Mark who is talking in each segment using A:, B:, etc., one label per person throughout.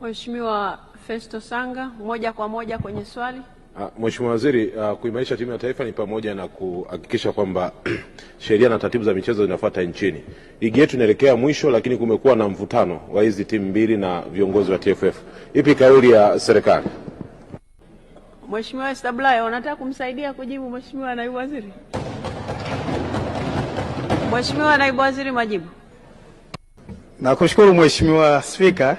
A: Mheshimiwa Festo Sanga, moja kwa moja kwenye swali.
B: Ah, Mheshimiwa Waziri, uh, kuimarisha timu ya taifa ni pamoja na kuhakikisha kwamba sheria na taratibu za michezo zinafuata nchini. Ligi yetu inaelekea mwisho, lakini kumekuwa na mvutano wa hizi timu mbili na viongozi wa TFF. Ipi kauli ya serikali?
A: Mheshimiwa Esther Bulaya, unataka kumsaidia kujibu Mheshimiwa Naibu Waziri? Mheshimiwa Naibu Waziri, majibu.
C: Nakushukuru Mheshimiwa Spika.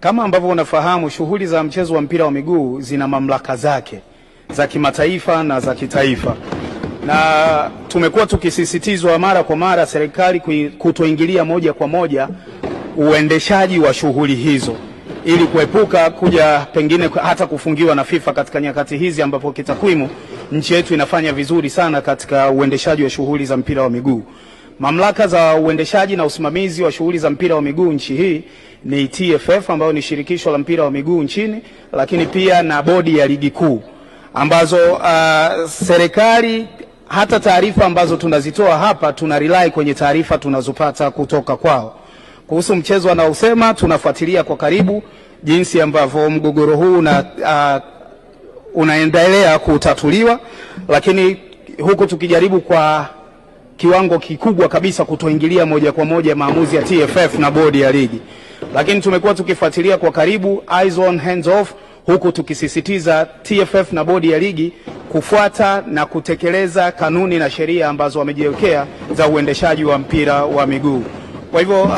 C: Kama ambavyo unafahamu, shughuli za mchezo wa mpira wa miguu zina mamlaka zake za kimataifa na za kitaifa, na tumekuwa tukisisitizwa mara kwa mara serikali kutoingilia moja kwa moja uendeshaji wa shughuli hizo ili kuepuka kuja pengine hata kufungiwa na FIFA katika nyakati hizi ambapo kitakwimu nchi yetu inafanya vizuri sana katika uendeshaji wa shughuli za mpira wa miguu. Mamlaka za uendeshaji na usimamizi wa shughuli za mpira wa miguu nchi hii ni TFF ambayo ni shirikisho la mpira wa miguu nchini, lakini pia na bodi ya ligi kuu ambazo uh, serikali hata taarifa ambazo tunazitoa hapa tuna rely kwenye taarifa tunazopata kutoka kwao. Kuhusu mchezo anaosema, tunafuatilia kwa karibu jinsi ambavyo mgogoro huu una, uh, unaendelea kutatuliwa, lakini huku tukijaribu kwa kiwango kikubwa kabisa kutoingilia moja kwa moja maamuzi ya TFF na bodi ya ligi, lakini tumekuwa tukifuatilia kwa karibu, eyes on hands off, huku tukisisitiza TFF na bodi ya ligi kufuata na kutekeleza kanuni na sheria ambazo wamejiwekea za uendeshaji wa mpira wa miguu. Kwa hivyo uh,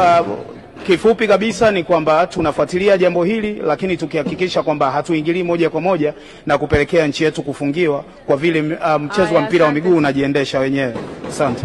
C: Kifupi kabisa ni kwamba tunafuatilia jambo hili, lakini tukihakikisha kwamba hatuingilii moja kwa moja na kupelekea nchi yetu kufungiwa, kwa vile um, mchezo wa mpira wa miguu unajiendesha wenyewe. Asante.